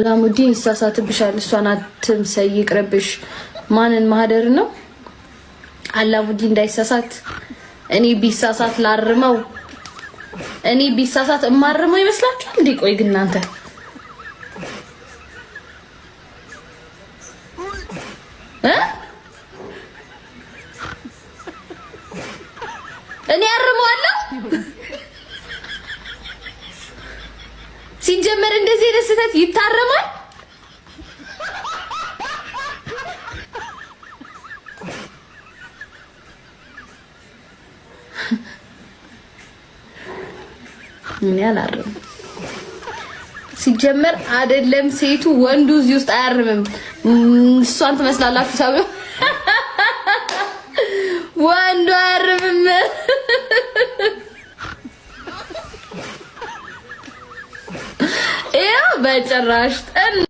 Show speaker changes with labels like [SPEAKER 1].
[SPEAKER 1] አላሙዲን ይሳሳትብሻል። እሷን አትምሰይ፣ ይቅርብሽ። ማንን ማህደር ነው? አላሙዲን እንዳይሳሳት እኔ ቢሳሳት ላርመው። እኔ ቢሳሳት እማርመው ይመስላችኋል? እንዴ ቆይ ግን እናንተ እኔ አርመዋለሁ ሲጀመር እንደዚህ አይነት ስህተት ይታረማል? እኔ አላርም። ሲጀመር አይደለም ሴቱ ወንዱ እዚህ ውስጥ አያርምም። እሷን ትመስላላችሁ ሳቢው በጭራሽ